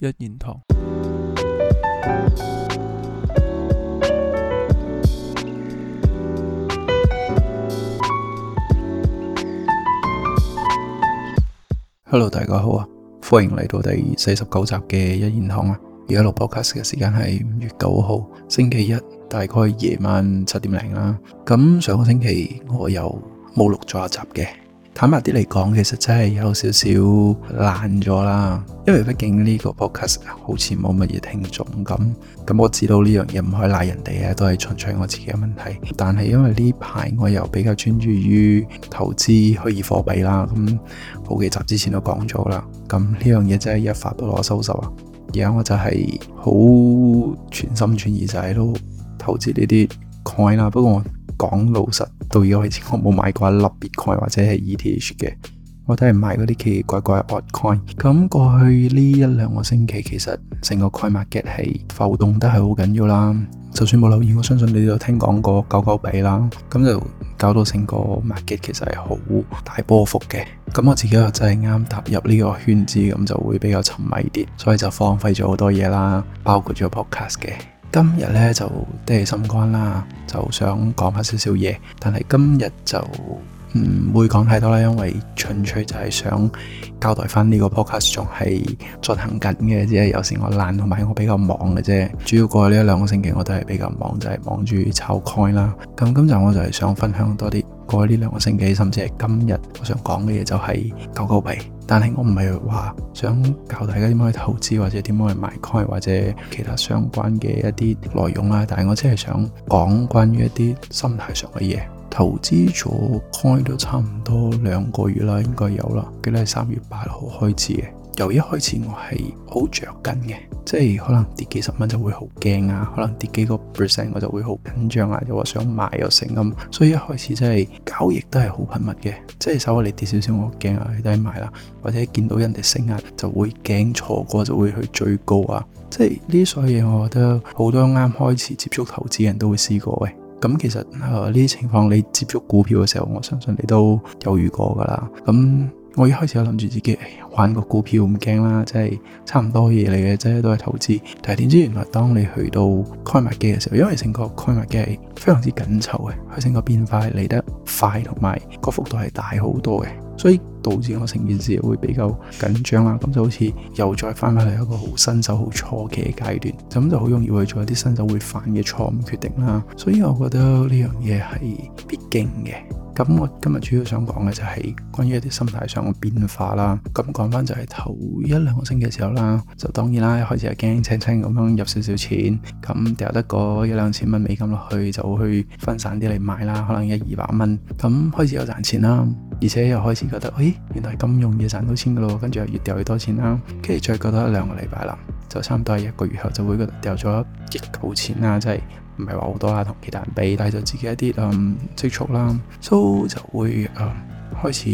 一言堂。Hello，大家好啊！歡迎嚟到第四十九集嘅一言堂啊！而家錄播 c a 嘅時間係五月九號星期一，大概夜晚七點零啦。咁上個星期我又冇錄再集嘅。坦白啲嚟講，其實真係有少少爛咗啦，因為畢竟呢個 podcast 好似冇乜嘢聽眾咁。咁我知道呢樣嘢唔可以賴人哋啊，都係純粹我自己嘅問題。但係因為呢排我又比較專注於投資虛擬貨幣啦，咁好幾集之前都講咗啦。咁呢樣嘢真係一發不可收拾啊！而家我就係好全心全意就係都投資呢啲 coin 啦，不過～我講老實，到而家我冇買過一粒 Bitcoin 或者係 ETH 嘅，我都係買嗰啲奇奇怪怪嘅 altcoin。咁過去呢一兩個星期，其實成個 coin market 係浮動得係好緊要啦。就算冇留意，我相信你都有聽講過九九比啦。咁就搞到成個 market 其實係好大波幅嘅。咁我自己又真係啱踏入呢個圈子，咁就會比較沉迷啲，所以就荒廢咗好多嘢啦，包括咗 podcast 嘅。今日呢，就啲心肝啦，就想講翻少少嘢，但係今日就唔會講太多啦，因為純粹就係想交代翻呢個 podcast 仲係進行緊嘅啫，有時我懶同埋我比較忙嘅啫，主要過去呢兩個星期我都係比較忙，就係、是、忙住炒 coin 啦。咁今集我就係想分享多啲過去呢兩個星期，甚至係今日我想講嘅嘢，就係狗狗幣。但係我唔係話想教大家點樣去投資或者點樣去買 coin 或者其他相關嘅一啲內容啦，但係我真係想講關於一啲心態上嘅嘢。投資咗 coin 都差唔多兩個月啦，應該有啦，記得係三月八號開始嘅，由一開始我係好着緊嘅。即係可能跌幾十蚊就會好驚啊，可能跌幾個 percent 我就會好緊張啊，又話想賣又成咁，所以一開始即係交易都係好頻密嘅，即係稍微你跌少少我驚啊，你都係賣啦，或者見到人哋升啊就會驚錯過，就會去追高啊，即係呢啲所有嘢，我覺得好多啱開始接觸投資人都會試過嘅，咁其實誒呢啲情況你接觸股票嘅時候，我相信你都有遇過噶啦，咁。我一開始我諗住自己玩個股票唔驚啦，即係差唔多嘢嚟嘅，即係都係投資。但係點知原來當你去到開賣機嘅時候，因為成個開賣機係非常之緊湊嘅，佢成個變化嚟得快同埋個幅度係大好多嘅，所以導致我成件事會比較緊張啦。咁就好似又再翻返去一個好新手、好初期嘅階段，咁就好容易會做一啲新手會犯嘅錯誤決定啦。所以我覺得呢樣嘢係必經嘅。咁我今日主要想講嘅就係關於一啲心態上嘅變化啦。咁講翻就係頭一兩個星期嘅時候啦，就當然啦，一開始係驚青青咁樣入少少錢，咁掉得個一兩千蚊美金落去就去分散啲嚟買啦，可能一二百蚊。咁開始有賺錢啦，而且又開始覺得，誒、哎，原來咁容易賺到錢噶咯，跟住又越掉越多錢啦。跟住再過多一兩個禮拜啦，就差唔多係一個月後就會覺得掉咗一嚿錢啦，即係。唔係話好多啦，同其他人比，但係就自己一啲嗯積蓄啦，所、so，以就會嗯開始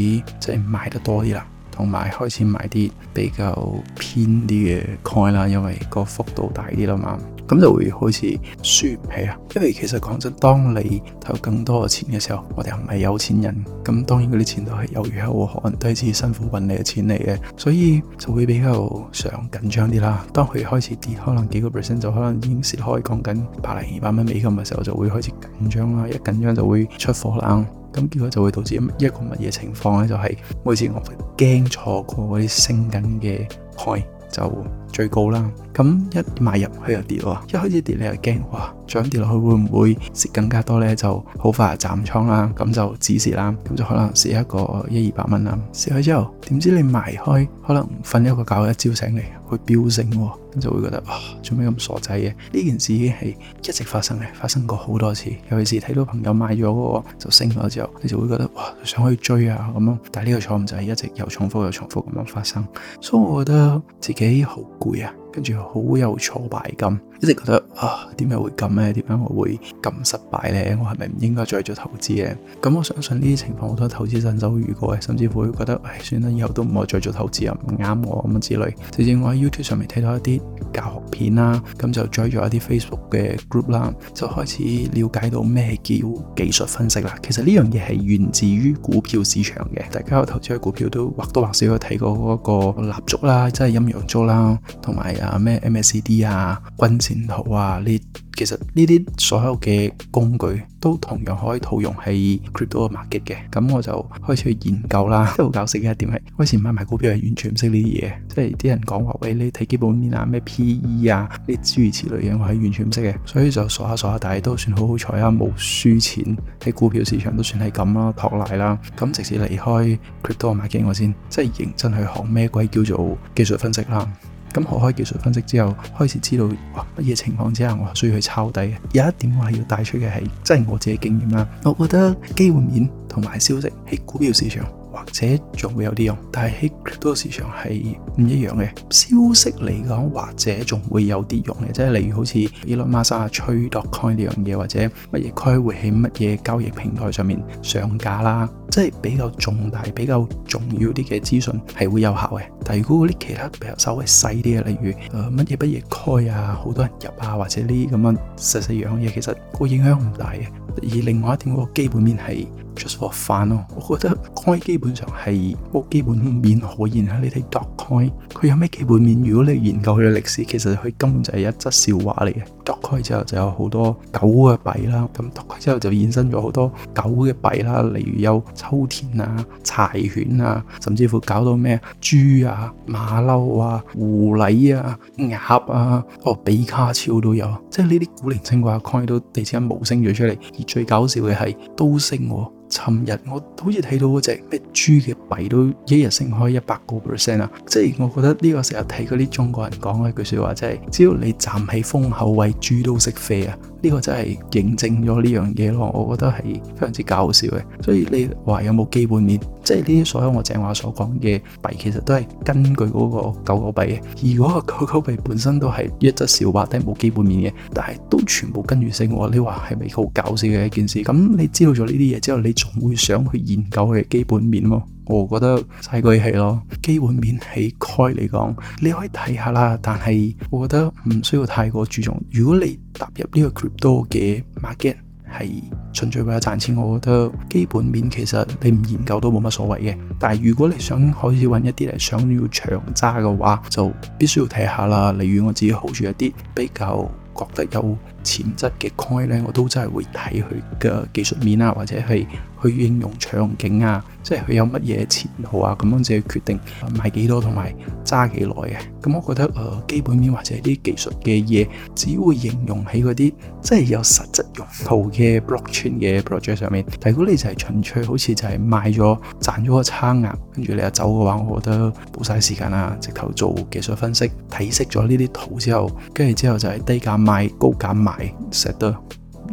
即係買得多啲啦。同埋開始買啲比較偏啲嘅 coin 啦，因為個幅度大啲啦嘛，咁就會開始輸唔起啊。因為其實講真，當你投入更多嘅錢嘅時候，我哋唔係有錢人，咁當然嗰啲錢都係有如海嘅汗，都係自己辛苦揾嚟嘅錢嚟嘅，所以就會比較想緊張啲啦。當佢開始跌，可能幾個 percent 就可能已經蝕開，講緊百零二百蚊美金嘅時候，就會開始緊張啦。一緊張就會出火冷。咁結果就會導致一個乜嘢情況呢？就係、是、每次我驚錯過嗰啲升緊嘅開就最高啦。咁一買入去就跌喎，一開始一跌你就驚，「哇！漲跌落去會唔會蝕更加多呢？」就好快站倉啦，咁就止蝕啦，咁就可能蝕一個一二百蚊啦。蝕開之後，點知你賣開，可能瞓一個覺一朝醒嚟，佢飆升喎、啊。就會覺得，哇，做咩咁傻仔嘅？呢件事已經係一直發生嘅，發生過好多次。尤其是睇到朋友買咗嗰個就升咗之後，你就會覺得，哇，想去追啊，咁樣。但係呢個錯誤就係一直又重複又重複咁樣發生，所以我覺得自己好攰啊，跟住好有挫敗感。一直覺得啊，點解會咁呢？點解我會咁失敗呢？我係咪唔應該再做投資呢？咁我相信呢啲情況好多投資新手遇過，甚至會覺得誒，算啦，以後都唔可以再做投資啊，唔啱我咁之類。直至我喺 YouTube 上面睇到一啲教學片啦，咁就 join 咗一啲 Facebook 嘅 group 啦，就開始了解到咩叫技術分析啦。其實呢樣嘢係源自於股票市場嘅，大家有投資嘅股票都或多或少有睇過嗰個蠟燭啦，即係陰陽燭啦，同埋啊咩 MACD 啊、線圖啊，呢其實呢啲所有嘅工具都同樣可以套用喺 Crypto 嘅 market 嘅，咁我就開始去研究啦。都好搞笑嘅一點係，我以前買賣股票係完全唔識呢啲嘢，即係啲人講話喂，你睇基本面啊，咩 PE 啊，呢諸如此類嘢，我係完全唔識嘅。所以就傻下傻下，但係都算好好彩啊，冇輸錢。喺股票市場都算係咁啦，托賴啦。咁直至離開 Crypto market 我先，即係認真去學咩鬼叫做技術分析啦。咁學開技術分析之後，開始知道乜嘢情況之下我需要去抄底。有一點我係要帶出嘅係，真係我自己的經驗啦。我覺得基本面同埋消息喺股票市場，或者仲會有啲用，但係喺 Crypto 市場係唔一樣嘅消息嚟講，或者仲會有啲用嘅，即係例如好似 Elon Musk 吹 Doge 呢樣嘢，或者乜嘢區會喺乜嘢交易平台上面上架啦，即係比較重大、比較重要啲嘅資訊係會有效嘅。但係如果嗰啲其他比較稍微細啲嘅，例如誒乜嘢乜嘢區啊，好多人入啊，或者呢啲咁樣細細樣嘢，其實個影響唔大嘅。而另外一點，個基本面係 just for fun 咯，我覺得該基。基本上係冇基本面可言，喺你睇 Dogecoin，佢有咩基本面？如果你研究佢嘅歷史，其實佢根本就係一則笑話嚟嘅。Dogecoin 之後就有好多狗嘅幣啦，咁 Dogecoin 之後就衍生咗好多狗嘅幣啦，例如有秋田啊、柴犬啊，甚至乎搞到咩豬啊、馬騮啊，啊、狐狸啊、鴨啊，哦，比卡超都有，即係呢啲古靈精怪嘅 coin 都突然之間無聲咗出嚟，而最搞笑嘅係都升喎。尋日我好似睇到嗰隻咩豬嘅幣都一日升開一百個 percent 啊，即係我覺得呢個時候睇嗰啲中國人講嘅一句説話，即係只要你站喺風口位，豬都識飛啊！呢個真係認證咗呢樣嘢咯，我覺得係非常之搞笑嘅。所以你話有冇基本面，即係呢所有我正話所講嘅幣，其實都係根據嗰個狗狗幣嘅。而嗰個狗狗幣本身都係一則笑話，都係冇基本面嘅。但係都全部跟住升喎，你話係咪好搞笑嘅一件事？咁你知道咗呢啲嘢之後，你仲會想去研究佢嘅基本面咯？我覺得世居係咯，基本面喺開嚟講，你可以睇下啦。但係我覺得唔需要太過注重。如果你踏入呢個 crypto 嘅 market 係純粹為咗賺錢，我覺得基本面其實你唔研究都冇乜所謂嘅。但係如果你想開始揾一啲係想要長揸嘅話，就必須要睇下啦。例如我自己好住一啲比較覺得有潛質嘅 coin 咧，我都真係會睇佢嘅技術面啊，或者係，去應用場景啊，即係佢有乜嘢前途啊，咁樣就去決定買幾多同埋揸幾耐嘅。咁我覺得誒、呃，基本面或者啲技術嘅嘢，只會應用喺嗰啲即係有實質用途嘅 blockchain 嘅 project 上面。但如果你就係純粹好似就係賣咗賺咗個差額，跟住你又走嘅話，我覺得冇晒時間啦，直頭做技術分析，睇識咗呢啲圖之後，跟住之後就係低價買高價賣 s 得。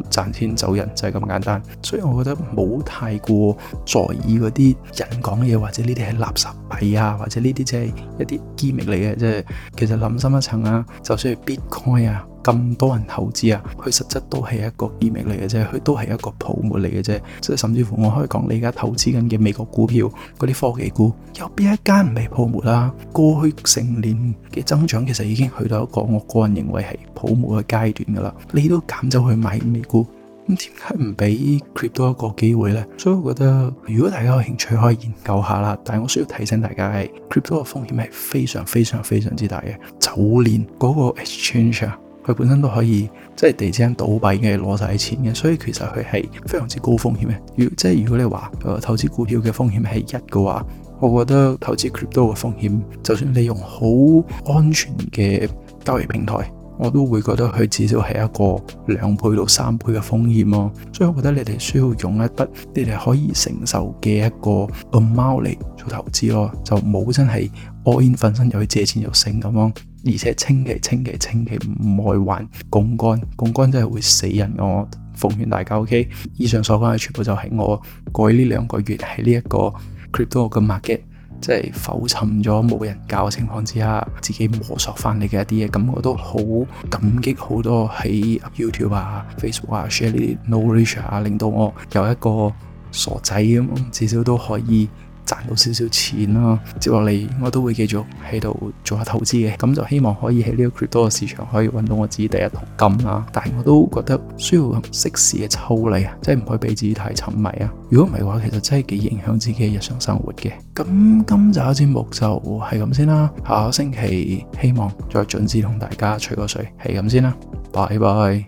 賺錢走人就係、是、咁簡單，所以我覺得冇太過在意嗰啲人講嘢，或者呢啲係垃圾幣啊，或者呢啲即係一啲機密嚟嘅，即係其實諗深一層啊，就算係 Bitcoin 啊。咁多人投資啊，佢實質都係一個秘密嚟嘅啫，佢都係一個泡沫嚟嘅啫。即係甚至乎，我可以講你而家投資緊嘅美國股票嗰啲科技股，有邊一間唔係泡沫啦、啊？過去成年嘅增長其實已經去到一個我個人認為係泡沫嘅階段㗎啦。你都揀咗去買美股，咁點解唔俾 crypto 一個機會呢？所以我覺得如果大家有興趣可以研究下啦，但係我需要提醒大家係 crypto 嘅風險係非常非常非常之大嘅。早年嗰、嗰個 exchange 啊～佢本身都可以即係地產倒閉嘅，攞晒啲錢嘅。所以其實佢係非常之高風險嘅。要即係如果你話、呃、投資股票嘅風險係一嘅話，我覺得投資 Crypto 嘅風險，就算你用好安全嘅交易平台，我都會覺得佢至少係一個兩倍到三倍嘅風險咯、哦。所以我覺得你哋需要用一筆你哋可以承受嘅一個 amount 嚟做投資咯，就冇真係 all in 瞓身又去借錢又成咁咯。而且千祈千祈千祈唔好玩槓桿，槓桿真係會死人，我奉勸大家。OK，以上所講嘅全部就係我過去呢兩個月喺呢一個 crypto market，即係浮沉咗冇人教嘅情況之下，自己摸索翻嚟嘅一啲嘢。咁我都好感激好多喺 YouTube 啊、Facebook 啊 share 呢啲 knowledge 啊，令到我有一個傻仔咁，至少都可以。賺到少少錢啦，啊，接落嚟我都會繼續喺度做下投資嘅，咁就希望可以喺呢個 Crypto 嘅市場可以揾到我自己第一桶金啦，啊。但係我都覺得需要適時嘅抽離啊，即係唔可以俾自己太沉迷啊。如果唔係嘅話，其實真係幾影響自己嘅日常生活嘅。咁今集節目就係咁先啦，下個星期希望再準時同大家吹個水，係咁先啦，拜拜。